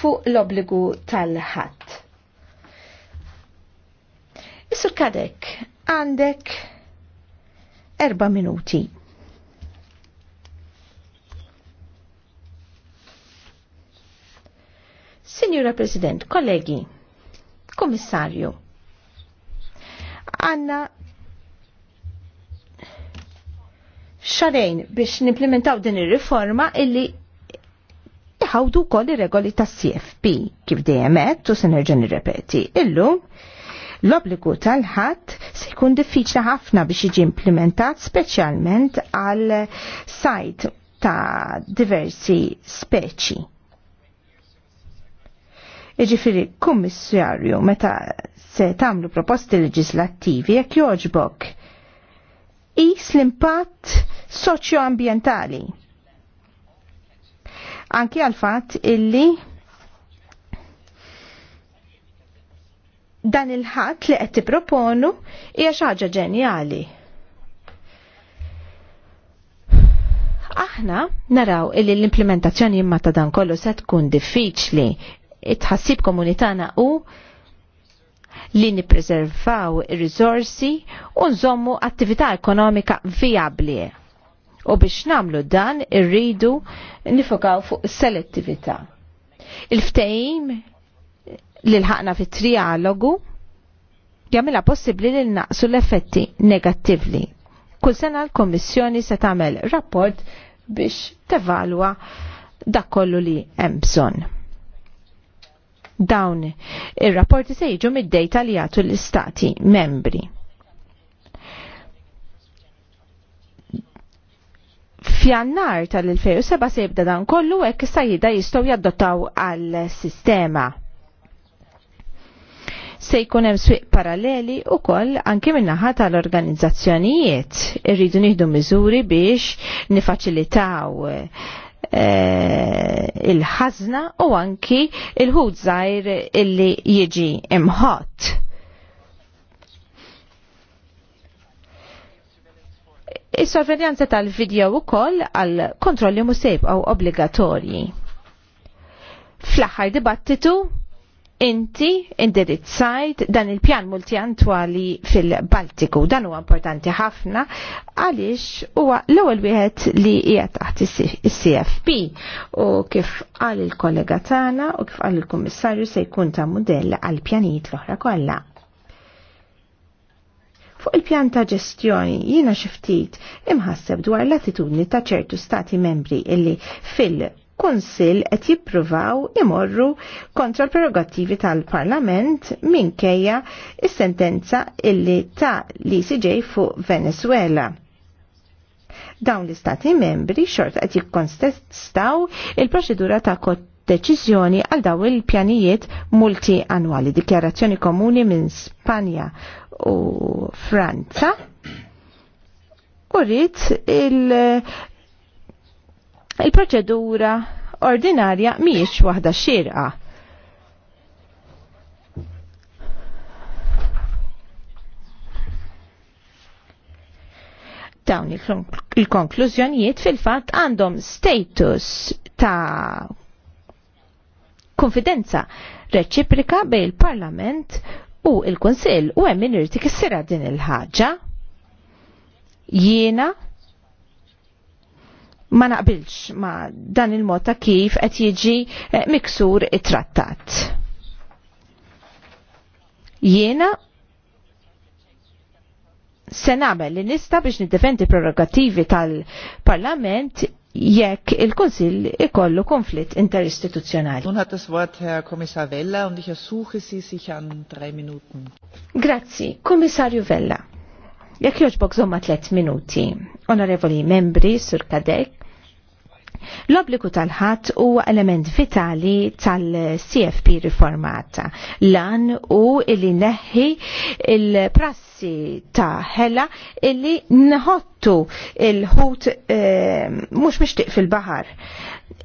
fuq l-obligu tal-ħadd. Isur kadek, għandek erba minuti. Signora President, kollegi, komissarju, għanna xarajn biex nimplementaw din ir-riforma illi ħawdu koll regoli ta' CFP kif dejemet u se nerġa' nirrepeti. Illum l-obbligu tal-ħadd se jkun diffiċli ħafna biex jiġi implementat speċjalment għal sajt ta' diversi speċi. Iġifiri, kummissarju, meta se tamlu proposti leġislattivi, jekk joġbok, is l-impatt soċjoambientali. ambientali anki għal fatt illi dan il-ħadd li qed tipproponu hija xi ħaġa ġenjali. Aħna naraw illi l-implementazzjoni imma ta' dan kollu se tkun diffiċli. It-ħassib komunitana u li nipreservaw ir-riżorsi u nżommu attività ekonomika viabli U biex namlu dan irridu nifokaw fuq selettività. Il-ftejim li l-ħakna fit trialogu jamila possibli li naqsu l-effetti negattivli. Kull sena l-Kommissjoni se tagħmel rapport biex tevalwa dak kollu li hemm bżonn. Dawn ir-rapporti se jiġu mid-dejta li jagħtu l-istati membri. fjannar tal-2007 se jibda dan kollu hekk sajjida jistgħu jaddottaw għal-sistema se jkun hemm swieq paralleli wkoll anke min-naħa tal-organizzazzjonijiet irridu nieħdu miżuri biex nifaċilitaw eh, il-ħazna u anki il-ħud zaħir illi jiġi imħott. Is-sorveljanza tal-video ukoll għal kontrolli mhux se jibqgħu obbligatorji. Fl-aħħar dibattitu inti indirizzajt dan il-pjan multiantwali fil-Baltiku. Dan huwa importanti ħafna għaliex huwa l-ewwel wieħed li hija taħt is-CFP u kif qal il-kollega tagħna u kif għal il-Kummissarju se jkun ta' mudell għal pjanijiet l-oħra kollha. Fuq il-pjan ta' ġestjoni jiena xiftit imħasseb dwar l-attitudni ta' ċertu stati membri illi fil- Konsil qed jippruvaw imorru kontra l-prerogattivi tal-Parlament minkejja is-sentenza illi ta' li siġej fuq Venezuela dawn l-istati membri xort qed jikkonstestaw il-proċedura ta' deċiżjoni għal daw il-pjanijiet multi annwali. Dikjarazzjoni komuni minn Spanja u Franza u rrit il- il-proċedura ordinarja miex waħda xirqa. Dawn il-konklużjonijiet fil-fatt għandhom status ta' konfidenza reċiprika bej il-Parlament u il-Kunsill u hemm min irti kissira din il-ħaġa. Jiena ma naqbilx ma dan il-mod ta' kif qed jiġi eh, miksur it-trattat. Jiena se nagħmel li nista' biex niddefendi prerogativi tal-Parlament jekk il-Kunsill ikollu konflitt interistituzzjonali. Nun hat das Wort Herr Kommissar Vella und ich ersuche Sie sich an drei Minuten. Grazzi, Kommissarju Vella. Jekk joġbok zomma tlet minuti, onorevoli membri, sur kadek, L-obbligu tal-ħadd huwa element vitali tal-CFP riformata. Lan u illi neħħi il-prassi pezzi ta' hella illi nħottu il-ħut eh, mhux mixtieq fil-baħar.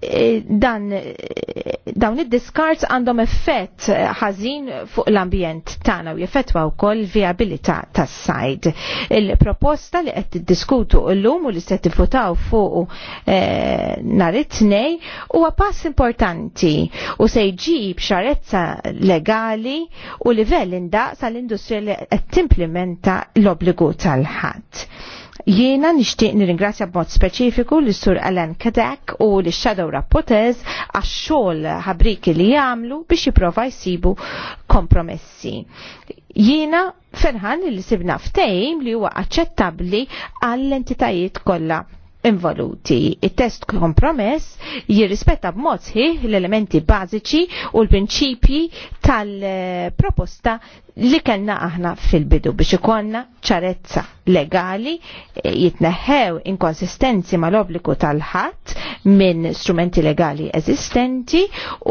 Eh, dan eh, dawn id-discards għandhom effett eh, ħażin fuq l-ambjent tagħna u jeffettwa wkoll viabilità tas-sajd. Il-proposta li qed tiddiskutu llum u li se tifutaw fuq nhar it tnejn huwa pass importanti u se jġib xarezza legali u livell indaqs għall-industrija li qed timplementa l-obbligu tal-ħadd Jiena nixtieq nirringrazzja b'mod speċifiku l sur Alan Kadek u l shadow Rapotez għax xogħol ħabriki li jagħmlu biex jipprova jsibu kompromessi. Jiena ferħan li sibna ftehim li huwa aċċettabbli għall-entitajiet kollha involuti. Il-test kompromess jirrispetta b'mod sħiħ l-elementi bażiċi u l-prinċipji tal-proposta li kellna aħna fil-bidu biex ikonna ċarezza legali eh, jitneħħew inkonsistenzi mal-obbligu tal-ħadd minn strumenti legali eżistenti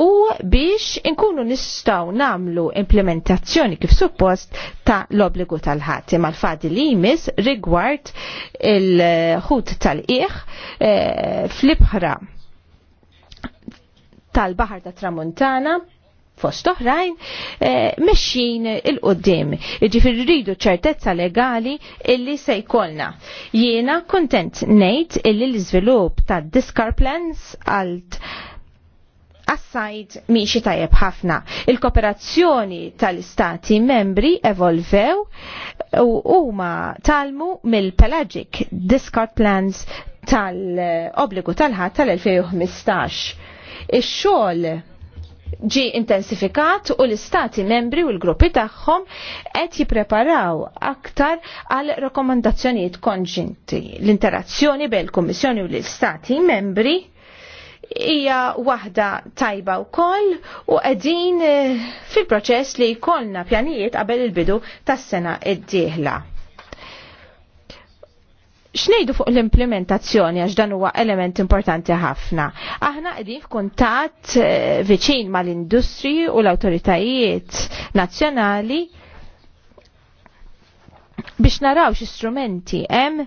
u biex inkunu nistgħu namlu implementazzjoni kif suppost ta' l-obbligu tal-ħadd imma l-fadi li jmiss rigward il-ħut tal iħ eh, fl-ibħra tal-Baħar ta' Tramuntana fost oħrajn eh, mexxin il-qoddim. Ġifir rridu ċertezza legali illi se jkollna. Jiena kontent ngħid illi l-iżvilupp ta' discar plans għalt assajd miexi tajjeb ħafna. Il-kooperazzjoni tal-istati membri evolvew u huma talmu mill-pelagic discard plans tal-obbligu tal-ħadd tal-2015. Ix-xogħol ġi intensifikat u l-istati membri u l-gruppi tagħhom qed jippreparaw aktar għal rekomandazzjonijiet konġinti. L-interazzjoni bejn il-Kummissjoni u l-istati membri hija waħda tajba wkoll u qegħdin eh, fil-proċess li jkollna pjanijiet qabel il-bidu tas-sena d-dieħla xnejdu fuq l-implementazzjoni għax dan huwa element importanti ħafna. Aħna qegħdin f'kuntatt eh, viċin mal-industri u l-awtoritajiet nazzjonali biex naraw x-istrumenti hemm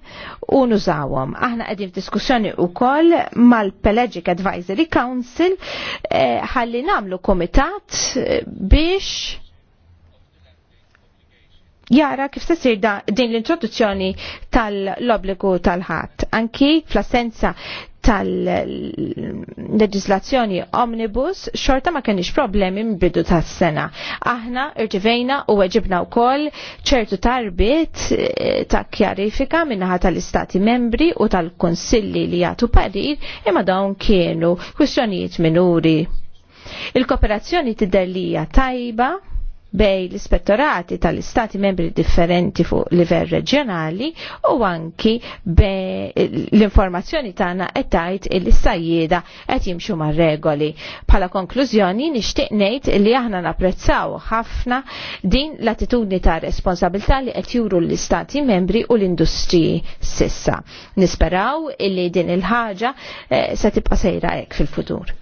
u nużawhom. Aħna qegħdin f'diskussjoni wkoll mal-Pelagic Advisory Council eh, ħalli nagħmlu komitat eh, biex jara kif se sirda din l-introduzzjoni tal-obbligu tal-ħadd. Anki fl-assenza tal-leġislazzjoni omnibus xorta ma kenix problemi mbidu tas sena Aħna irġivejna u weġibna u koll ċertu tarbit eh, ta' kjarifika minnaħa tal-istati membri u tal-konsilli li jgħatu parir imma dawn kienu kwistjonijiet minuri. Il-kooperazzjoni tidellija tajba bej l-ispettorati tal-istati membri differenti fuq livell reġjonali u anki l-informazzjoni tagħna qed tgħid il sajjieda qed jimxu mar-regoli. Bħala konklużjoni nixtieq ngħid li aħna napprezzaw ħafna din l-attitudni ta' responsabilità li qed juru l-istati membri u l-industriji sissa. Nisperaw illi din il-ħaġa eh, se tibqa' sejra hekk fil-futur.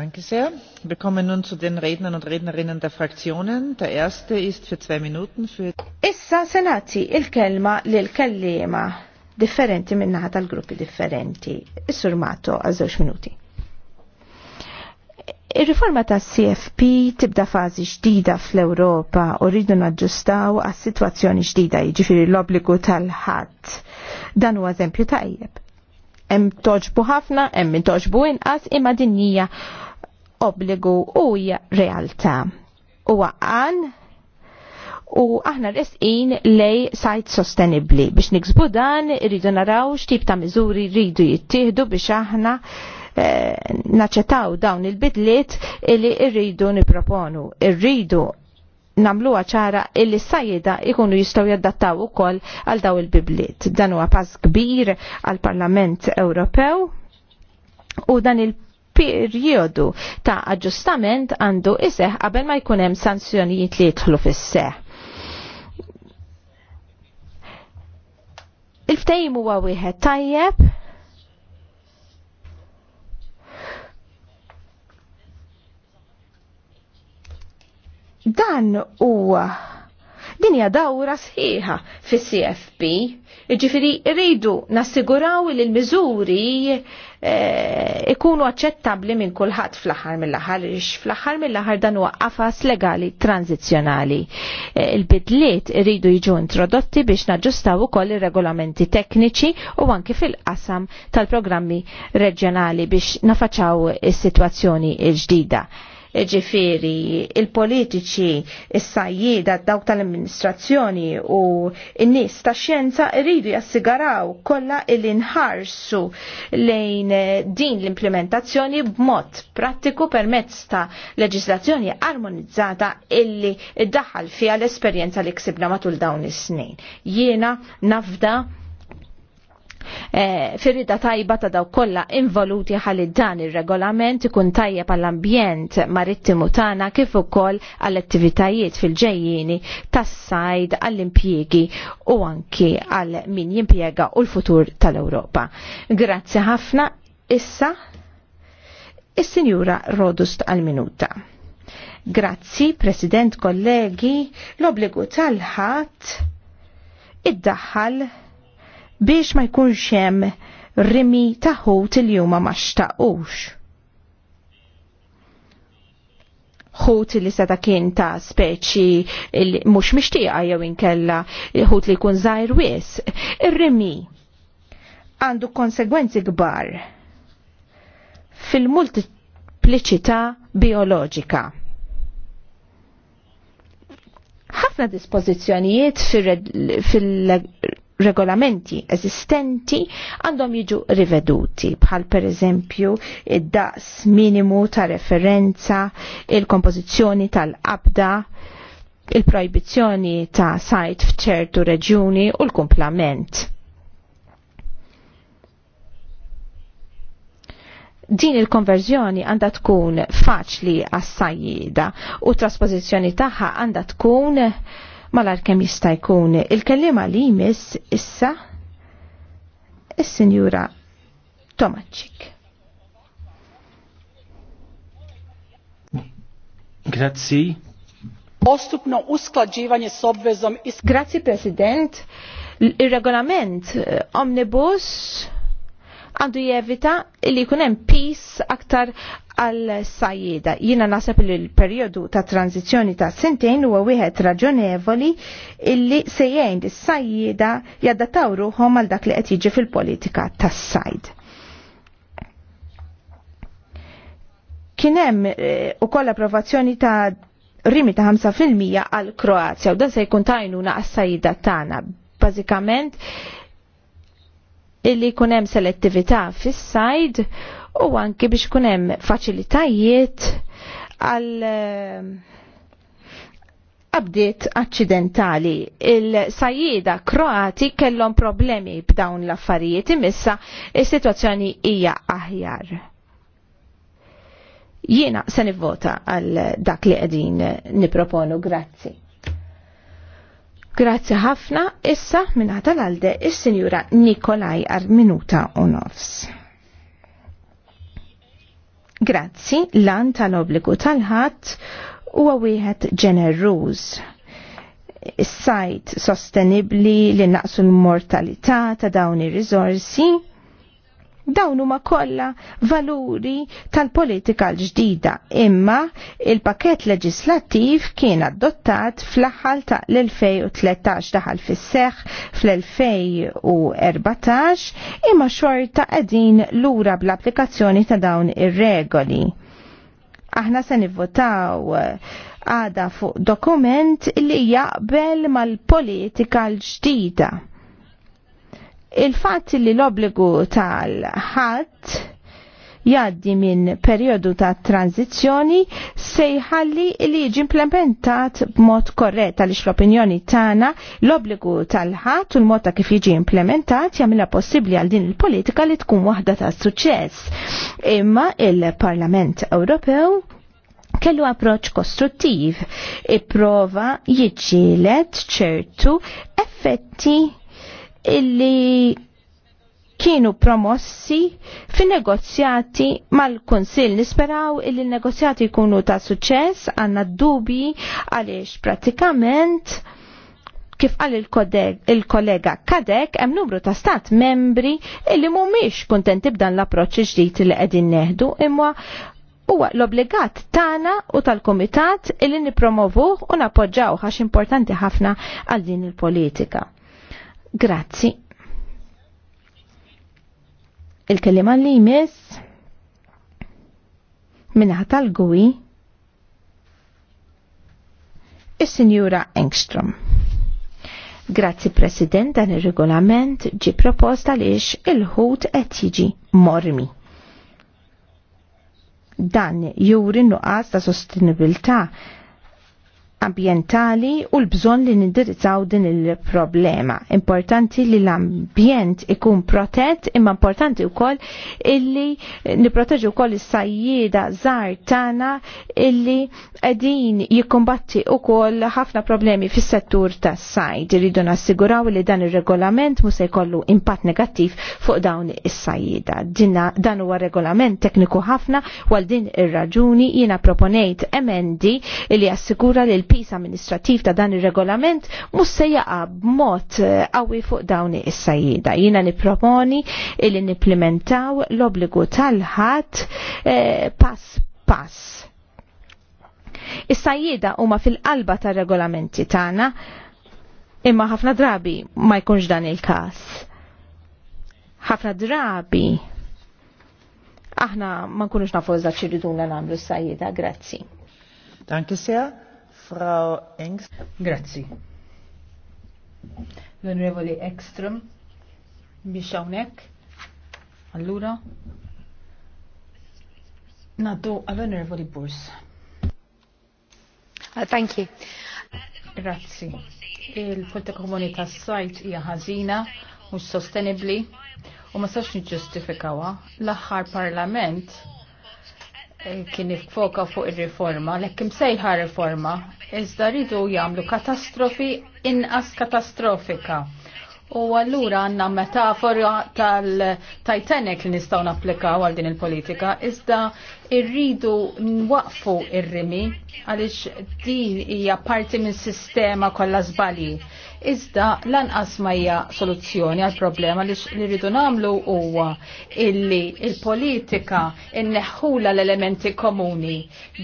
Danke sehr. Wir kommen nun zu den Rednern und Rednerinnen der Fraktionen. Der erste ist für zwei Minuten für... Issa senati il-kelma lil-kellima differenti minnaħat tal-gruppi differenti. Is-sur Mato għal minuti. Ir-riforma ta' CFP tibda fażi ġdida fl-Ewropa u rridu naġġustaw għas sitwazzjoni ġdida jiġifieri l-obbligu tal-ħadd. Dan huwa eżempju tajjeb. Hemm toġbu ħafna, hemm min toġbu inqas imma din hija obbligu u realta. realtà. Huwa għan u aħna resqin lej sajt sostenibli. Biex niksbu dan, rridu naraw x'tip ta' miżuri rridu jittieħdu biex aħna eh, naċċettaw dawn il-bidliet li rridu niproponu. Irridu namlu ċara illi s-sajjida ikunu jistgħu jaddattaw ukoll għal daw il-bibliet. Dan huwa pass kbir għal Parlament Ewropew u dan il Periodu ta' aġġustament għandu iseħ qabel ma jkun hemm sanzjonijiet li jidħlu fis-seħ. il ftehim huwa wieħed tajjeb, dan huwa Din hija dawra sħiħa fis-CFP. jiġifieri rridu nassiguraw li l-miżuri eh, ikunu aċċettabbli minn kulħadd fl-aħħar mill-aħħar ix fl-aħħar mill-aħħar dan huwa qafas legali tranzizzjonali. Eh, il-bidliet irridu jiġu introdotti biex naġġustaw ukoll ir-regolamenti tekniċi u anke fil-qasam tal-programmi reġjonali biex nafaċaw is-sitwazzjoni l-ġdida ġifiri il-politiċi, il sajjida dawk tal-amministrazzjoni u n-nis ta' xjenza rridu jassigaraw kollha li nħarsu lejn eh, din l-implementazzjoni b'mod prattiku permezz ta' leġislazzjoni armonizzata illi daħal fija l-esperjenza li ksibna matul dawn is-snin. Jiena nafda Eh, firrida tajba ta' daw kollha involuti ħalli dan ir-regolament ikun tajjeb għall-ambjent marittimu tagħna kif ukoll għall-attivitajiet fil ġejjini tas-sajd għall-impjiegi u anki għal min jimpjega u l-futur tal-Ewropa. Grazzi ħafna issa is-Sinjura Rodust għal-Minuta. Grazzi, President, kollegi, l-obligu tal-ħat id-daħħal biex ma jkunx hemm rimi taħu il-juma ma xtaqux. ħut li seta kien ta' speċi mhux mixtieqa jew inkella ħut li jkun zaħir wis. Ir-rimi għandu konsegwenzi kbar fil-multipliċità bioloġika. Ħafna dispożizzjonijiet fil regolamenti eżistenti għandhom jiġu riveduti bħal per eżempju id-daqs minimu ta' referenza, il-kompożizzjoni tal-qabda, il-projbizzjoni ta' sajt f'ċertu reġjuni u l-kumplament. din il-konverżjoni għandha tkun faċli għas-sajjida u traspożizzjoni tagħha għandha tkun malar kem jista' jkun. Il-kellima li jmiss issa is senjura Tomacik. Grazzi. Postupno usklađivanje s obvezom... Grazzi, President. Il-regolament eh, Omnibus għandu jevita li jkun hemm peace aktar għal sajjeda. Jiena nasab li l-perjodu ta' tranzizjoni ta' sentejn huwa wieħed raġonevoli illi se jgħin is-sajjeda jaddataw ruħhom għal dak li qed jiġi fil-politika tas-sajd. Kien hemm eh, ukoll approvazzjoni ta' rimi ta' 5% għal Kroazja u dan se jkun tajnuna għas-sajjeda tagħna. Bażikament, illi kunem selettività fis-sajd u anki biex kunem faċilitajiet għal eh, abdiet accidentali. Il-sajjida kroati kellhom problemi b'dawn l-affarijiet imissa is-sitwazzjoni hija aħjar. Jiena se nivvota għal dak li qegħdin niproponu, grazzi. Grazzi ħafna, issa minna l alde il-Sinjura Nikolaj Arminuta Onofs. Grazzi, lan tal-obligu tal-ħat u għawihet ġeneruż. Sajt sostenibli li naqsu l-mortalità ta' dawn ir-rizorsi Dawn huma kollha valuri tal-politika l-ġdida, imma il-pakett leġislattiv kien adottat fl ħal ta' l-2013 daħal fis-seħ fl-2014 imma xorta qegħdin lura bl-applikazzjoni ta' dawn ir-regoli. Aħna se nivvotaw eh, għada fuq dokument li jaqbel mal-politika l-ġdida il fat li l-obbligu tal-ħadd jaddi minn periodu ta' tranzizjoni se jħalli li jiġi implementat b'mod korret għaliex l-opinjoni tagħna l-obbligu tal-ħadd u l-mod ta' kif jiġi implementat jagħmilha possibbli għal din il-politika li tkun waħda ta' suċċess. Imma il-Parlament Ewropew kellu approċ kostruttiv, ipprova jiġġielet ċertu effetti illi kienu promossi fin negozjati mal-Konsil. Nisperaw illi negozjati jkunu ta' suċess, għanna dubi għaliex pratikament kif qal il-kollega il Kadek hemm numru ta' stat membri illi mhumiex kuntenti b'dan l-approċċ ġdid li qegħdin neħdu imma huwa l-obbligat tagħna u tal-Kumitat illi nippromovuh u napoġġaw għax importanti ħafna għal din il-politika. Grazzi. Il-kellima li jmiss minna tal-gwi il-Sinjura Engstrom. Grazzi President dan ir-regolament ġi proposta lix il-ħut qed jiġi mormi dan juri nuqqas ta' sostenibilità ambientali u l-bżon li nindirizzaw din il-problema. Importanti li l-ambjent ikun protett, imma importanti u koll illi niproteġu koll is-sajjida zar tana illi għedin jikumbatti u koll ħafna problemi fis settur tas sajd Rridu nassiguraw li dan il-regolament musa jkollu impatt negattiv fuq dawn is-sajjida. Dan huwa regolament tekniku ħafna għal din ir-raġuni jiena proponejt emendi illi assigura li l il-pis amministrativ ta' dan il-regolament mus se jaqab mot eh, qawwi fuq dawn is-sajjida. Jiena nipproponi li nipplementaw l-obbligu tal-ħadd eh, pass pass. Is-sajjida huma fil-qalba tar-regolamenti tagħna imma ħafna drabi ma jkunx dan il-każ. Ħafna drabi aħna ma nkunux nafu eżatt xi nagħmlu s-sajjida, grazzi. Danke sehr. Frau Engst. Grazzi. l Ekström, biex hawnhekk. Allura. Naddu għall-Onorevoli Burs. Uh, thank you. Grazzi. Il-politika komunità sajt hija ħażina, mhux sostenibbli u ma sax niġġustifikawha. L-aħħar parlament kien foka fuq ir-riforma, lekk sejħa riforma, iżda rridu jagħmlu katastrofi inqas katastrofika U allura għanna metafora tal-Titanic li nistaw napplikaw għal din il-politika, iżda irridu nwaqfu ir-rimi għaliex din hija parti minn sistema kollha żbalji. Iżda lanqas ma hija soluzzjoni għal problema li rridu nagħmlu huwa illi il-politika inneħħula l-elementi komuni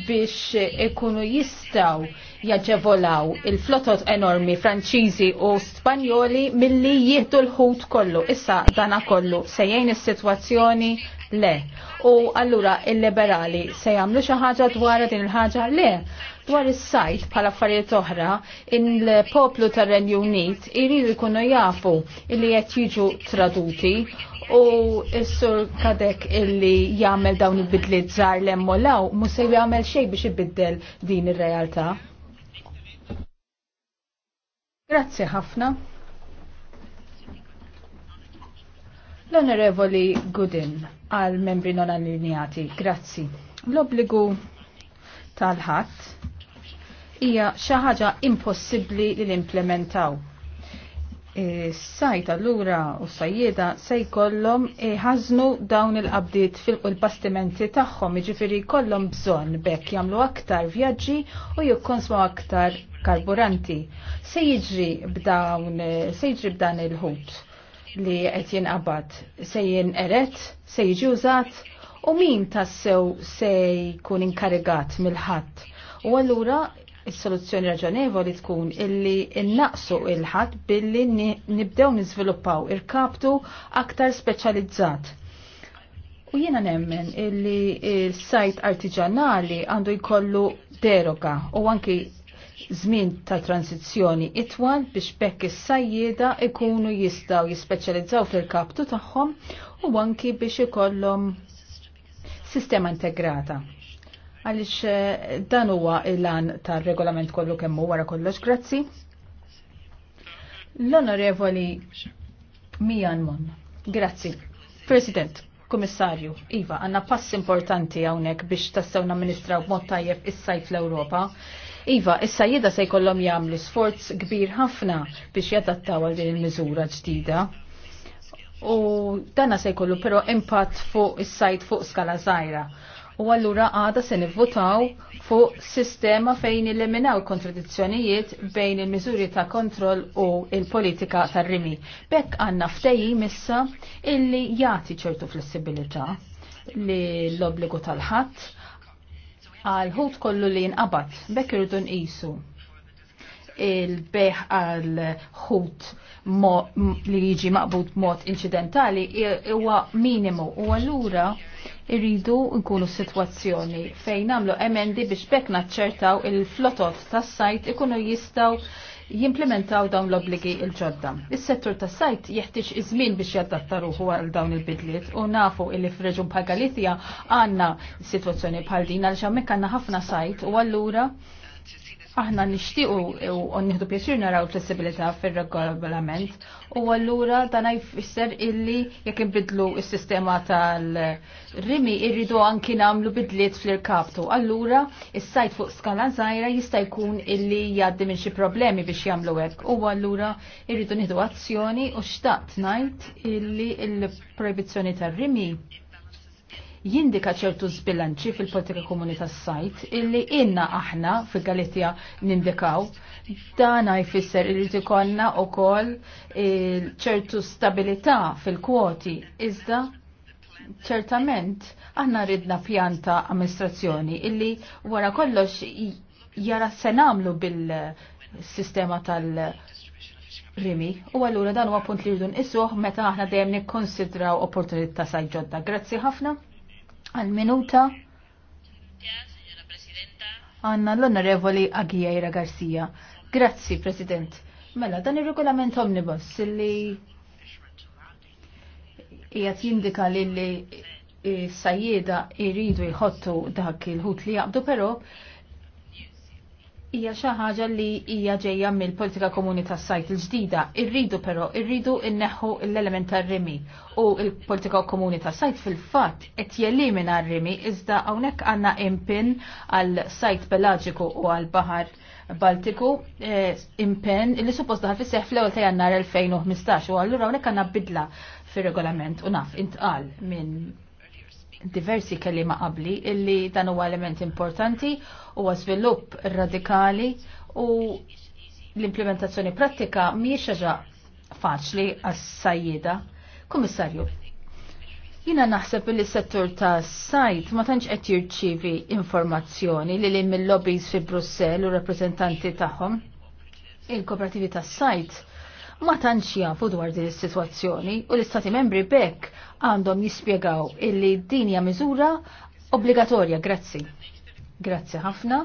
biex ikunu jistgħu jaġevolaw il-flotot enormi Franċiżi u Spanjoli milli jieħdu l-ħut kollu. Issa dana kollu sejjejn is-sitwazzjoni le. U allura il-liberali se jagħmlu xi ħaġa dwar din il-ħaġa le. Dwar is-sajt bħala affarijiet oħra, il-poplu tar-Renju Unit iridu jkunu jafu li qed jiġu traduti u s-sur kadek illi jagħmel dawn il-bidliet żgħar lemmolaw mhux se jagħmel xejn biex ibiddel din ir-realtà. Grazzi ħafna. L-Onorevoli Gudin għal membri non allinjati, grazzi. L-obbligu tal-ħadd hija xi ħaġa impossibbli li l-implementaw sajt allura u sajjeda se jkollhom ħażnu dawn il-qabdiet fil-bastimenti tagħhom, jiġifieri jkollhom bżonn bekk jagħmlu aktar vjaġġi u jikkonsmu aktar karburanti. Se jiġri b'dawn se jiġri b'dan il-ħut li qed jinqabad se jinqeret, se jiġi użat u min tassew se jkun inkarigat mill-ħadd. U allura Is-soluzzjoni raġonevoli tkun illi innaqsu il-ħadd billi nibdew niżviluppaw il-kaptu aktar speċjalizzat. U jiena nemmen illi il-sajt artiġanali għandu jkollu deroga u anki żmien ta' transizzjoni itwal biex bekk is-sajjieda ikunu jistgħu jispeċjalizzaw fil-kaptu tagħhom u anki biex ikollhom sistema integrata għaliex eh, dan huwa il-lan tal-regolament kollu kemmu wara kollox. Grazzi. L-onorevoli Mijan Mon. Grazzi. President, Komissarju, Iva, għanna pass importanti għawnek biex tassew namministraw mod tajjeb is-sajf l-Ewropa. Iva, issa jida se jkollhom jagħmlu sforz kbir ħafna biex jadattaw għal din il-miżura ġdida. U dana se jkollu però impatt fuq is-sajt fuq skala żgħira u allura għada se nivvotaw fuq sistema fejn eliminaw kontradizzjonijiet bejn il-miżuri ta' kontroll u il-politika tar rimi Bekk għanna ftejji missa illi jati ċertu flessibilità li l-obbligu tal-ħadd għal ħut kollu li jinqabad bekk irridu nqisu il-beħ għal ħut li jiġi maqbud mod incidentali huwa minimu u allura irridu nkunu situazzjoni fejn għamlu emendi biex bekk naċċertaw il-flotot tas sajt ikunu jistaw jimplementaw dawn l-obligi il-ġodda. Is-settur tas sajt jeħtieġ iż-żmien biex jadatta ruħu għal dawn il-bidliet u nafu illi f'reġun bħal Galizja għandna situazzjoni bħal din għaliex hemmhekk għandna ħafna sajt u allura aħna nixtiequ u nħidu pjaċir naraw flessibilità fir-regolament u allura dan jfisser illi jekk bidlu s-sistema tal-rimi irridu anki nagħmlu bidliet fl kaptu Allura is-sajt fuq skala zaħira jista' jkun illi jgħaddi minn xi problemi biex jagħmlu hekk u allura irridu nħidu azzjoni u xtaqt ngħid illi il proibizzjoni tar-rimi jindika ċertu zbilanċi fil-politika komuni tas-sajt illi inna aħna fil-Galizja nindikaw dana jfisser illi tikonna u kol ċertu stabilità fil-kwoti iżda ċertament aħna ridna pjanta amministrazzjoni illi wara kollox jara senamlu bil-sistema tal- Rimi, u għallura dan huwa punt li rridu nqisuh meta aħna dejjem nikkonsidraw opportunità sajt ġodda. Grazzi ħafna. Għal-minuta għanna l-Onorevoli Aguilera Garcia. Grazzi, President. Mela, dan il-regolament omnibus li jgħat jindika li sajjeda iridu jħottu dak il-ħut li jaqbdu, pero hija xi ħaġa li hija ġejja mill-politika komuni tas-sajt il-ġdida. Irridu però, irridu inneħu l-element tar-rimi u l-politika komuni tas-sajt fil-fatt qed jelimina r-rimi iżda hawnhekk għandna impin għal sajt pelagiku u għal baħar Baltiku eh, impen li suppost daħal fis-seħ fl ewel ta' jannar 2015 u allura hawnhekk għandna bidla fir-regolament u naf intqal minn diversi kelima qabli illi dan huwa element importanti huwa żvilupp radikali u l-implementazzjoni prattika mhijiex xaġa faċli għas-sajjida. Kummissarju, Jina naħseb li settur ta' sajt ma tantx qed jirċievi informazzjoni li li mill-lobbies fi Brussell u rappreżentanti tagħhom. Il-kooperativi ta' sajt ma tantx jafu dwar din is-sitwazzjoni u l-Istati membri bekk għandhom jispjegaw illi din hija miżura obbligatorja, grazzi. Grazzi ħafna.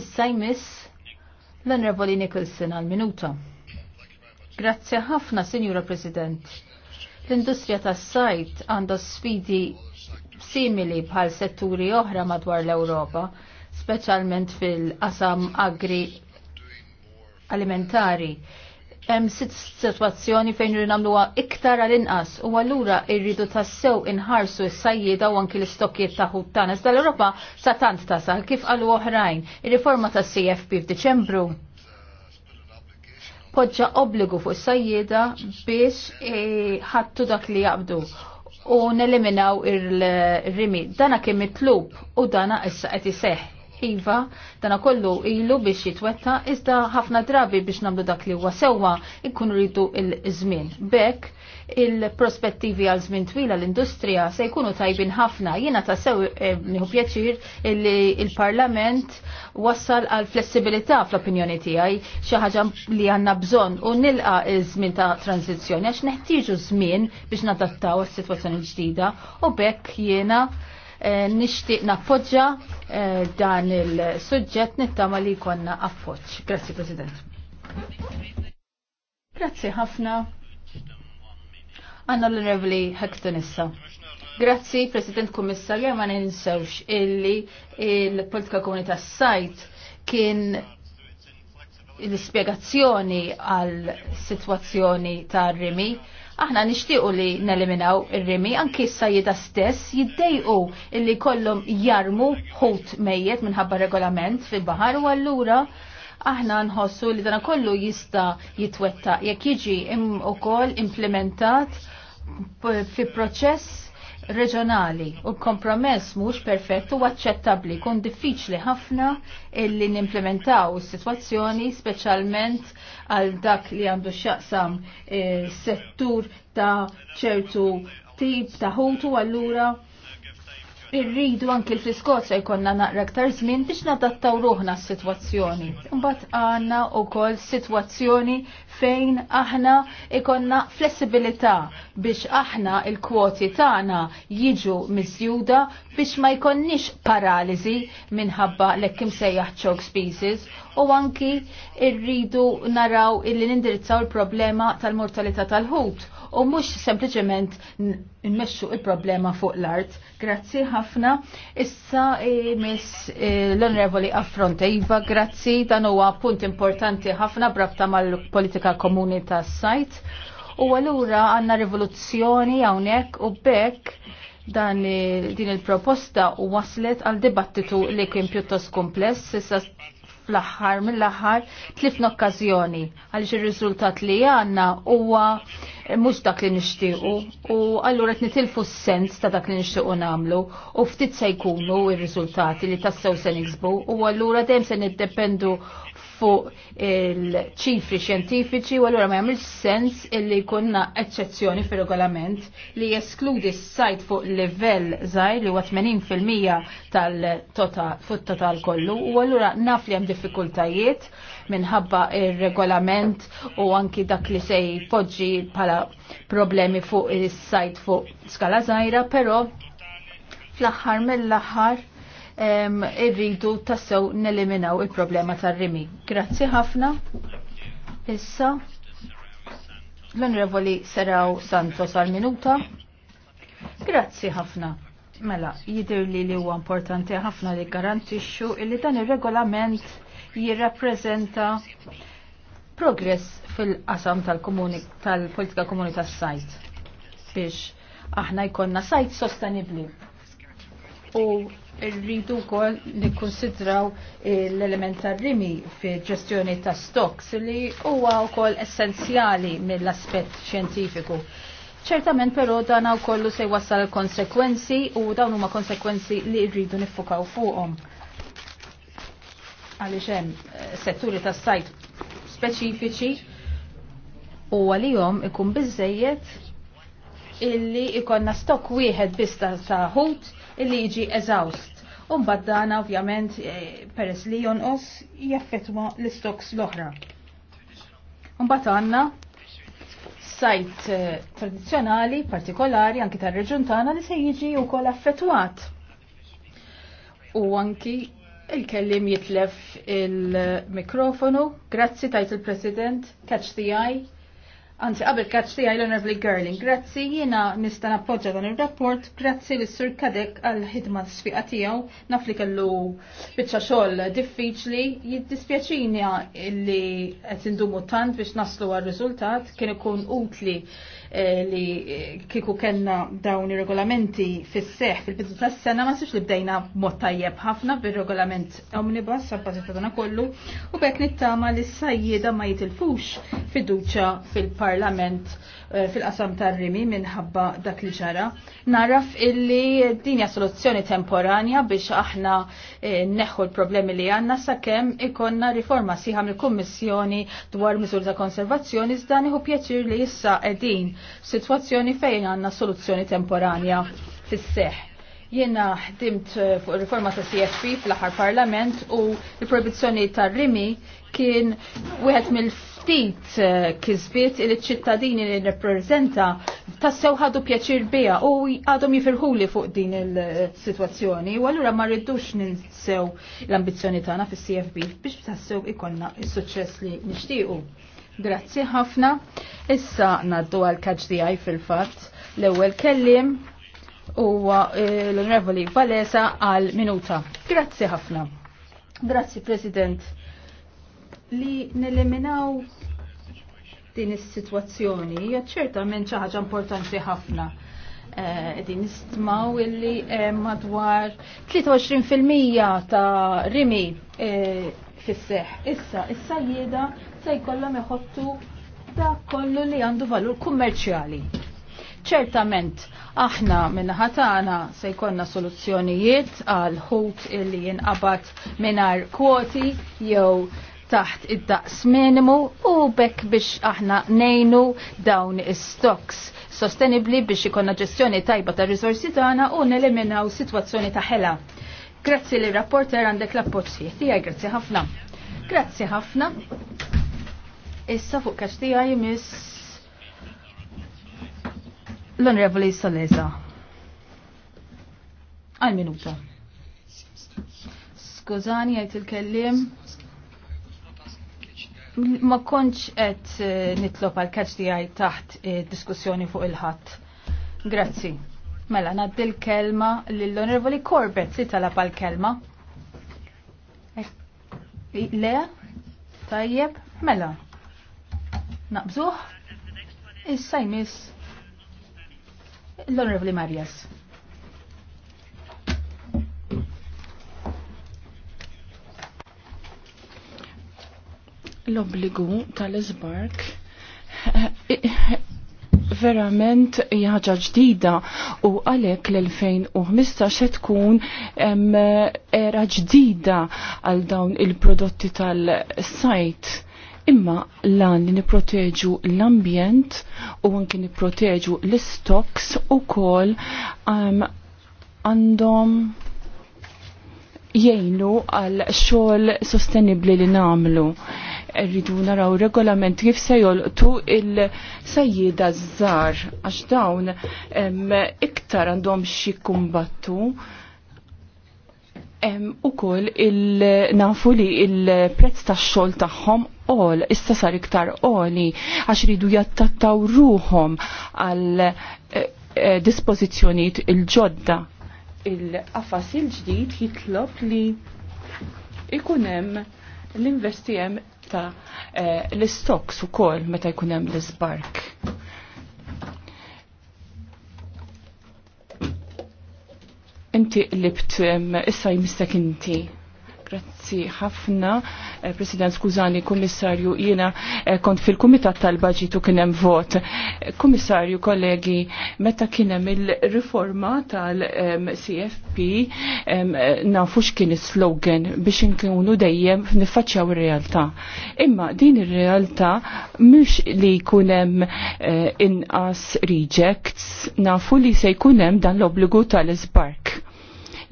Issa jmiss l-Onorevoli Nicholson għal minuta. Grazzi ħafna, Sinjura President. L-industrija tas-sajt għandha sfidi simili bħal setturi oħra madwar l-Ewropa, speċjalment fil-qasam agri alimentari hemm sitt sitwazzjoni fejn irrid nagħmluha iktar għal inqas u allura rridu tassew inħarsu s-sajjieda u anki l-istokkiet ta' tanas Iżda l-Ewropa sa tant tasal kif qalu oħrajn. Ir-riforma tas-CFP f'Diċembru poġġa obbligu fuq sajjieda biex e, ħattu dak li jaqbdu u neliminaw ir-rimi. Dana kien mitlub u dana issa qed iseħħ Iva, dana kollu ilu biex jitwetta, iżda ħafna drabi biex namlu dak li huwa sewwa ikkunu rridu il-żmien. Bekk, il-prospettivi għal żmien twila l-industrija se jkunu tajbin ħafna. Jiena ta' sew eh, nieħu pjaċir li il-Parlament wassal għal flessibilità fl-opinjoni tiegħi xi ħaġa li għandna bżonn u nilqa' iż-żmien ta' tranzizzjoni għax neħtieġu żmien biex nadattaw għas-sitwazzjoni ġdida u bekk jiena Eh, nixtieq nappoġġa eh, dan il-suġġett nittama li jkollna appoġġ. Grazzi President. Grazzi ħafna. Għanna l-Onorevoli Hector Grazzi, President Kummissarja, ma ninsewx illi il-Politika Komunità Sajt kien l-ispiegazzjoni għal situazzjoni ta' Rimi Aħna nixtiequ li neliminaw ir-rimi anki s-sajjida stess jiddejqu illi kollum jarmu ħut mejjed minħabba regolament fil-baħar u allura aħna nħossu li dana kollu jista' jitwetta jekk jiġi ukoll implementat fi proċess reġjonali u kompromess mhux perfett u aċċettabbli kun diffiċli ħafna illi nimplementaw is-sitwazzjoni speċjalment għal dak li għandu x'jaqsam eh, settur ta' ċertu tip ta' ħutu allura irridu anki l-Fiskozja jkollna naqra aktar żmien biex nadattaw ruħna s-sitwazzjoni. Mbagħad għandna wkoll sitwazzjoni fejn aħna ikonna flessibilità biex aħna il-kwoti tagħna jiġu misjuda biex ma jkonniex paralizi minħabba l-ekkim sejjaħ choke species u anki irridu naraw illi nindirizzaw il-problema tal-mortalità tal-ħut u mhux sempliċement nmexxu il-problema fuq l-art. Grazzi ħafna. Issa eh, miss eh, l onrevoli Affronte Iva, grazzi dan huwa punt importanti ħafna brabta mal-politika politika komuni tas sajt u għallura għanna rivoluzzjoni għawnek u bekk dan din il-proposta u waslet għal dibattitu li kien pjuttost kompless sissa fl-axħar mill-axħar tlifna okkazjoni għaliex ir-riżultat li għanna huwa mhux dak li nixtiequ u allura qed nitilfu s-sens ta' dak li nixtiequ nagħmlu u ftit se jkunu r-riżultati li tassew se niksbu u allura dejjem se niddependu fuq il-ċifri xjentifiċi u allura ma jagħmilx sens illi jkunna eċċezzjoni fir-regolament li jeskludi s-sajt fuq livell żgħir li huwa 80% tal-total fut-total kollu u allura naf li hemm diffikultajiet minħabba ir-regolament u anki dak li se jpoġġi bħala problemi fuq is-sajt fuq skala żgħira, però fl-aħħar mill-aħħar irridu tassew neliminaw il-problema tar-rimi. Grazzi ħafna. Issa l-Onorevoli Seraw Santos għal-minuta. Grazzi ħafna. Mela, jidir li li huwa importanti ħafna li garantixxu illi dan ir-regolament jirrappreżenta progress fil-qasam tal-politika komuni tal komuni tas-sajt biex aħna jkollna sajt sostenibbli. U rridu wkoll nikkonsidraw l-element tar-rimi fi ġestjoni ta' stocks li huwa wkoll essenzjali mill-aspett xjentifiku. Ċertament però dan kollu se wasal konsekwenzi u dawn huma konsekwenzi li rridu nifukaw fuqhom. Għaliex hemm eh, setturi tas-sajt speċifiċi u għalihom ikun biżejjed illi ikonna stok wieħed bista ta' illi jiġi eżawst. Un baddana ovvjament eh, peress li jonqos jaffetwa l-istoks l-oħra. Un baddana sajt eh, tradizjonali, partikolari, anki tar reġun tagħna li se jiġi wkoll affettwat. U anki il-kellim jitlef il-mikrofonu. Grazzi tajt il-President, catch the eye. Anzi, qabel kaċ għaj l onorabli Girling, grazzi Jiena nista nappoġġa dan il-rapport, grazzi l sur Kadek għal-ħidma sfiqa tijaw, naf li kellu bieċa xoll diffiċli, jiddispjaċinja li għet indumu tant biex naslu għal-rizultat, kien ikun utli Eh, li eh, kiku kenna dawn ir-regolamenti fis fil-bidu s sena ma six li bdejna mod tajjeb ħafna bir-regolament omnibus għal-bażi ta' dana kollu u bekk nittama li s sajjida ma jitilfux fiduċa fil-Parlament Eh, fil-qasam tar-rimi minħabba dak li ġara. Naraf illi din hija soluzzjoni temporanja biex aħna eh, neħħu l-problemi li għandna sakemm ikonna riforma siħa mill-Kummissjoni dwar miżur ta' konservazzjoni iżda nieħu pjaċir li issa qegħdin f'sitwazzjoni fejn għanna soluzzjoni temporanja fis-seħħ. Jiena ħdimt eh, fuq riforma ta' CFP fl-aħħar parlament u l proibizzjoni tar-rimi kien wieħed mill ftit eh, kisbiet il-ċittadini li reprezenta tassew ħadu pjaċir bija u għadhom jifirħuli fuq din il-situazzjoni u għallura ma rridux ninsew l-ambizjoni tagħna fis-CFB biex tassew ikonna s suċċess li nixtiequ. Grazzi ħafna. Issa naddu għal kaġdijaj fil-fatt l-ewwel kellim huwa eh, l-Onorevoli Valesa għal minuta. Grazzi ħafna. Grazzi President li neliminaw din is-sitwazzjoni hija ċertament xi ħaġa importanti ħafna. Eh, din nistmaw illi eh, madwar 23% ta' rimi eh, fis-seħ. Issa, issa jieda se jkollhom iħottu dak kollu li għandu valur kummerċjali. Ċertament, aħna minnaħa tagħna se jkollna soluzzjonijiet għal ħut illi jinqabad mingħajr kwoti jew taħt id-daqs minimu u bekk biex aħna nejnu dawn is-stocks sostenibli biex ikonna ġestjoni tajba ta' risorsi tagħna u neliminaw sitwazzjoni ta' ħela. Grazzi li rapporter għandek l-appoġġi. Tiegħi grazzi ħafna. Grazzi ħafna. Issa fuq kax tiegħi miss l-Onorevoli Saleza. Għal minuta. Skużani għajt il-kellim ma konċ qed eh, nitlob għal catch għaj taħt eh, diskussjoni fuq il-ħadd. Grazzi. Mela, naddi l-kelma l-Onorevoli Corbett li talab għal kelma. Eh, le? Tajjeb? Mela. Naqbżuħ? Issa jmiss. L-Onorevoli Marjas. L-obbligu tal-izbark eh, eh, verament jaġa ġdida u għalek l-2015 tkun era ġdida għal dawn il-prodotti tal-sajt. Imma lan li niproteġu l-ambjent u anki niproteġu l-stocks u kol għandhom jgħinu għal xogħol sostenibli li namlu rridu naraw regolament kif se jolqtu il-sajjida żżar għax dawn iktar għandhom xi kumbattu u koll il-nafu li il-prezz ta' xol taħħom ol, issa sar iktar oli, għax ridu jattattaw ruħom għal eh, eh, dispozizjoniet il-ġodda. Il-qafas il-ġdid jitlob li ikunem l-investijem ta' eh, l-istoks ukoll meta jkun hemm l-isbark. Inti libt issa jmistak inti Grazzi ħafna, eh, President skużani, Kummissarju, jiena eh, kont fil-Kumitat tal-Baġitu kien hemm vot. Eh, Kummissarju, kollegi, meta kien hemm il-riforma tal-CFP nafu x'kien is-slogan biex inkunu dejjem niffaċċjaw il realtà Imma din ir-realtà mux li jkun hemm inqas rejects, nafu li se jkun hemm dan l-obbligu tal spark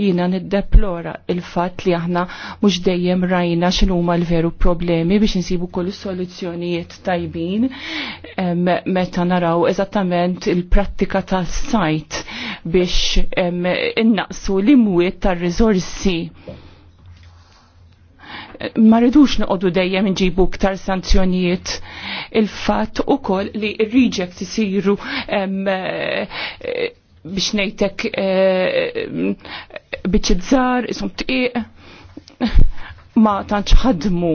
Jina niddeplora il-fat li aħna mux dejjem rajna xinu huma l-veru problemi biex nsibu kull soluzzjonijiet tajbin meta naraw eżattament il-prattika ta' sajt biex innaqsu l-imwiet tar rizorsi ma rridux noqogħdu dejjem nġibu ktar sanzjonijiet il-fatt ukoll li reject isiru biex nejtek biex jisum t-iq, ma tantx ħadmu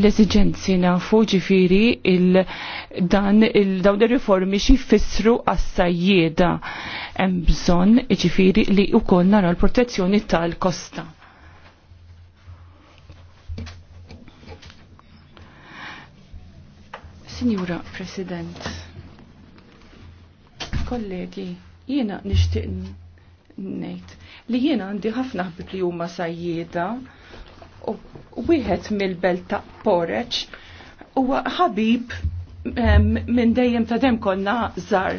l-eżigenzi nafu ġifiri il-dan il-dawn il-riformi xi jfissru għassajjeda bżon Hemm bżonn ġifiri li u konna l-protezzjoni tal-kosta. Signora President, kollegi, Jiena nixtieq ngħid li jiena għandi ħafna ħbib li huma sajjieda u wieħed mill-belt ta' Poreċ huwa ħabib minn dejjem ta' dem konna żar,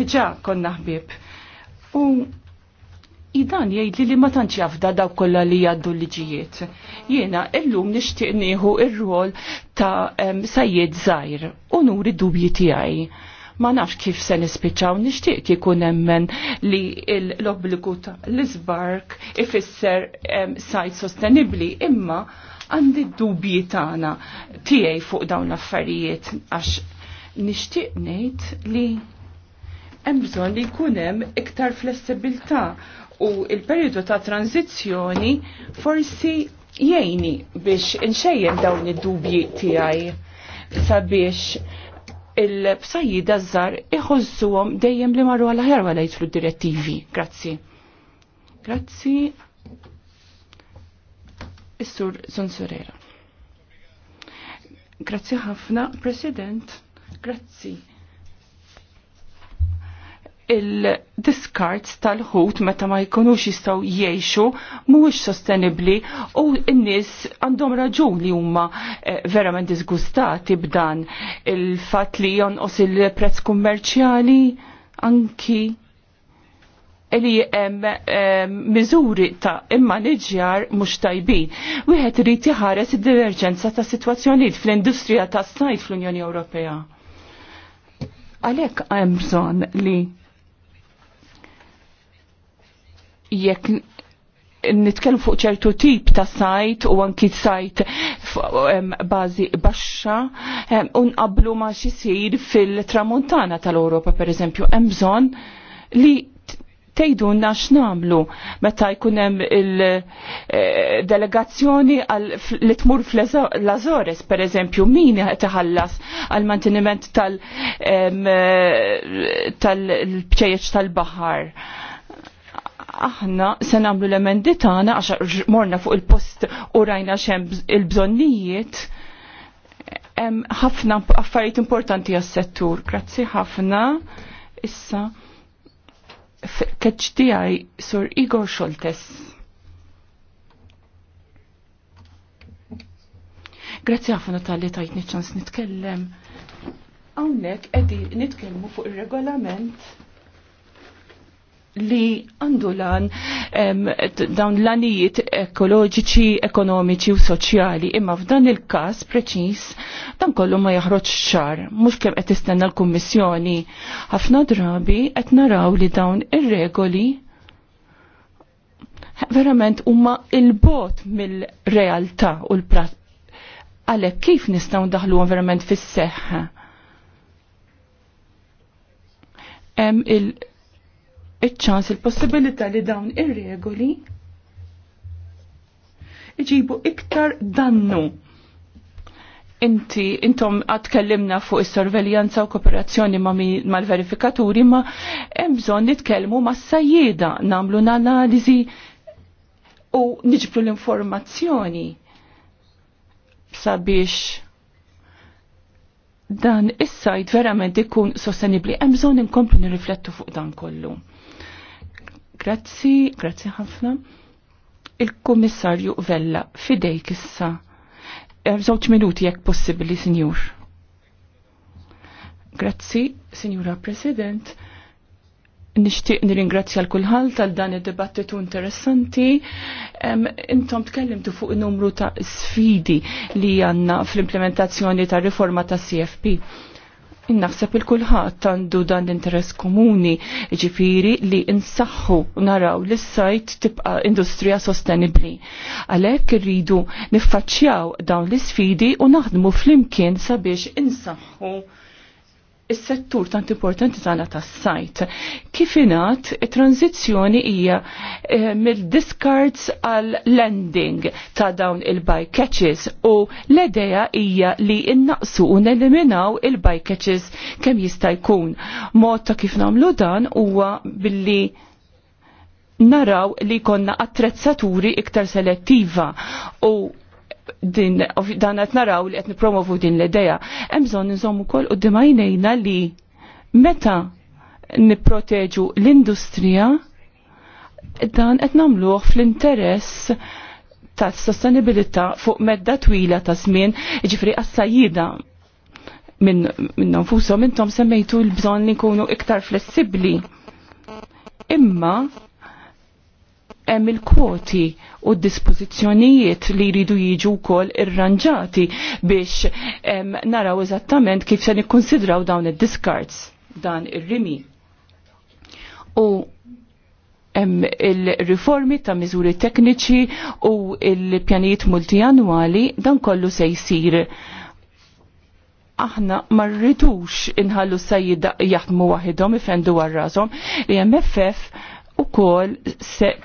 diġà konna ħbib. U Idan jgħid li ma tantx jafda daw kollha li jgħaddu liġijiet. Jiena illum nixtieq nieħu ir-rol ta' sajjed żgħir u nuri dubji tiegħi ma nafx kif se nispiċaw nixtieq kikun emmen li l-obbligu ta' l-isbark ifisser sajt sostenibli imma għandi dubji tagħna tiegħi fuq dawn l-affarijiet għax nixtieq ngħid li hemm bżonn li jkun hemm iktar flessibilità u il-periodu ta' tranzizzjoni forsi jgħini biex inxejjem dawn id-dubji tiegħi sabiex il-psajjida żar iħossuhom dejjem li marru għal ħerwa li jitlu direttivi. Grazzi. Grazzi. Is-sur Grazzi ħafna, President. Grazzi il discards tal-ħut meta ma jkunux jistaw jiexu mhuwiex sostenibli u n-nies għandhom raġun li huma eh, verament diżgustati b'dan il-fatt li jonqos il-prezz kummerċjali anki e li hemm eh, miżuri ta' immaniġjar mhux tajbin. Wieħed irid jaħares id-diverġenza ta' sitwazzjonijiet fl-industrija tas-sajt fl-Unjoni Ewropea għalek għemżon li jekk nitkellmu fuq ċertu tip ta' sajt u anki sajt bażi baxxa u ma' xisir fil-tramuntana tal-Ewropa pereżempju hemm bżonn li tejdunna x'namlu meta jkun hemm il-delegazzjoni eh, li tmur fl-Azores pereżempju min teħallas għal manteniment tal-bċejjeġ eh, tal-baħar. tal bċejjeġ tal baħar tal tal baħar aħna se nagħmlu l-emendi tagħna għax morna fuq il-post u rajna xem il-bżonnijiet hemm ħafna affarijiet importanti għas-settur. Grazzi ħafna. Issa keċ tiegħi sur Igor Xoltes. Grazzi ħafna tal-li tajtni ċans nitkellem. Hawnhekk qegħdin nitkellmu fuq ir-regolament li għandu lan dawn l-anijiet ekoloġiċi, ekonomiċi u soċjali. Imma f'dan il-kas preċis dan kollu ma jaħroġ xar, mux kem qed istenna l-Kummissjoni. Ħafna drabi qed naraw li dawn ir-regoli verament huma il-bot mill-realtà u l-prat. għalhekk kif nistaw daħlu verament fis-seħħa? il- iċ-ċans il-possibilità li dawn ir-regoli iġibu iktar dannu. Inti, intom għatkellimna fuq is-sorveljanza u kooperazzjoni mal-verifikaturi ma hemm bżonn nitkellmu ma' s-sajjida namlu l-analiżi u niġbru l-informazzjoni sabiex dan is-sajt verament ikun sostenibli. Hemm bżonn inkomplu nirriflettu fuq dan kollu. Grazzi, grazzi ħafna. Il-Kummissarju Vella, fidejk issa. Er, żewġ minuti jekk possibbli, Sinjur. Grazzi, signora President nishtiq nir-ingrazzja l-kulħal tal-dan id-dibattitu interessanti. Intom tkellimtu fuq numru ta' sfidi li għanna fl-implementazzjoni ta' riforma ta' CFP Naħseb il-kulħadd għandu dan l-interess komuni ġifiri li insaħħu naraw li s-sajt tibqa' industrija sostenibli. Għalhekk irridu niffaċċjaw dawn l-isfidi u naħdmu flimkien sabiex insaħħu is-settur tant importanti tagħna tas-sajt. Kif ingħat it-tranzizzjoni hija eh, mill-discards għal landing ta' dawn il-bycatches u l-idea hija li innaqsu u neliminaw il-bycatches kemm jista' jkun. Mod ta' kif nagħmlu dan huwa billi naraw li konna attrezzaturi iktar selettiva u din dan qed naraw li qed nippromovu din l-idea. Hemm bżonn inżommu ukoll qudiem għajnejna li meta nipproteġu l-industrija dan qed nagħmluh fl-interess ta' sostenibilità fuq medda twila ta' żmien, ġifri għas minn min nfushom intom semmejtu l-bżonn li nkunu iktar flessibbli. Imma hemm il-kwoti u d-dispożizzjonijiet li jridu jiġu wkoll irranġati biex naraw eżattament kif se nikkonsidraw dawn id-discards dan ir-rimi. U hemm il-riformi ta' miżuri tekniċi u il-pjanijiet multijanwali dan kollu se jsir aħna ma rridux inħallu sajjid jaħdmu waħidhom ifendu għarrazhom li MFF u kol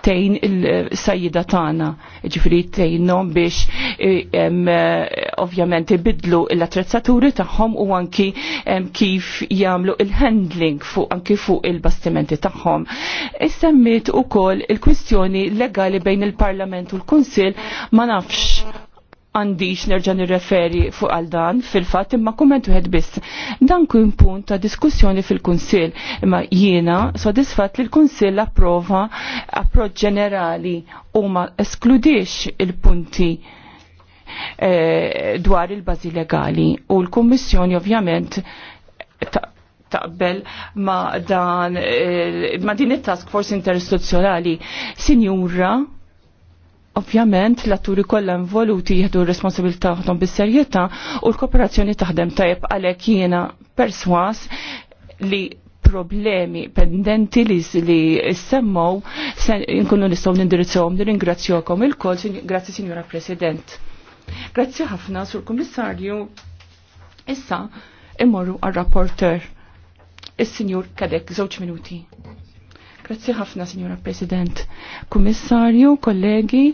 tejn il-sajjida tana, ġifri tejnom biex eh, eh, ovvjament ibidlu l-attrezzaturi taħħom u anki kif jamlu il-handling fuq anki fuq il-bastimenti taħħom. Issemmit u kol il-kwistjoni legali bejn il-Parlament u l-Kunsil ma nafx għandix nerġa' nirreferi fuq għal dan fil-fatt imma kumment wieħed biss. Dan kien punt ta' diskussjoni fil-Kunsill imma jiena sodisfatt li l-Kunsill approva approċċ ġenerali u ma eskludix il-punti e, dwar il-bażi legali u l-Kummissjoni ovvjament taqbel ma dan e, ma din it-task force interistituzzjonali. Sinjura, Ovvjament, l-atturi kollha involuti jieħdu r-responsabilità tagħhom bis-serjetà u l-kooperazzjoni taħdem tajb għalhekk jiena perswas li problemi pendenti li li semmow nkunu nistgħu nindirizzawhom nirringrazzjawkom il-kol, grazzi Sinjura President. Grazzi ħafna sur Kummissarju. Issa immorru għal-rapporter is-Sinjur Kadek żewġ minuti. Grazzi ħafna, Signora President. Kummissarju, kollegi,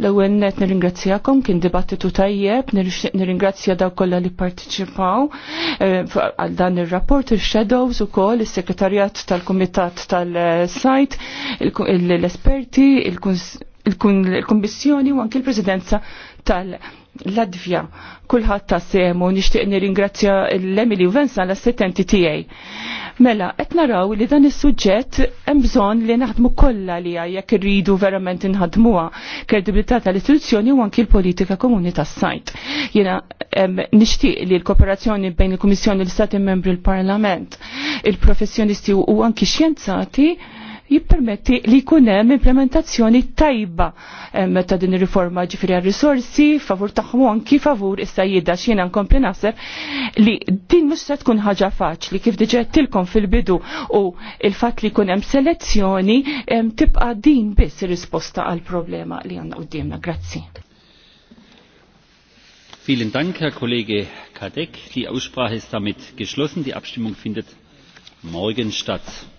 l-ewwel net nirringrazzjakom kien dibattitu tajjeb, nirringrazzja daw kollha li partiċipaw eh, għal dan ir-rapport il shadows ukoll is-sekretarjat tal-kumitat tal-sajt, l-esperti, il-kummissjoni u anki l-Presidenza tal ladvja Kulħadd u nixtieq nirringrazzja l-Emily Vensa l-assistenti tiegħi. Mela, qed naraw li dan is-suġġett hemm bżonn li naħdmu kollha li jekk irridu verament inħadmuha kredibilità tal-istituzzjoni u anki l-politika komuni tas-sajt. Jiena nixtieq li l-kooperazzjoni bejn il-Kummissjoni l-Stati Membri l-Parlament, il-professjonisti u anki xjenzati jippermetti li jkun hemm implementazzjoni tajba eh, meta din ir-riforma ġifiri għal risorsi favur tagħhom anki favur issa jidda x'jiena nkompli naħseb li din mhux se tkun ħaġa faċli kif diġà tilkom fil-bidu u il-fatt li jkun hemm selezzjoni eh, tibqa' din biss ir-risposta għall-problema li għandna dimna. Grazzi. Vielen Dank, Herr Kollege Kadek. Die Aussprache ist damit geschlossen. Die Abstimmung findet morgen statt.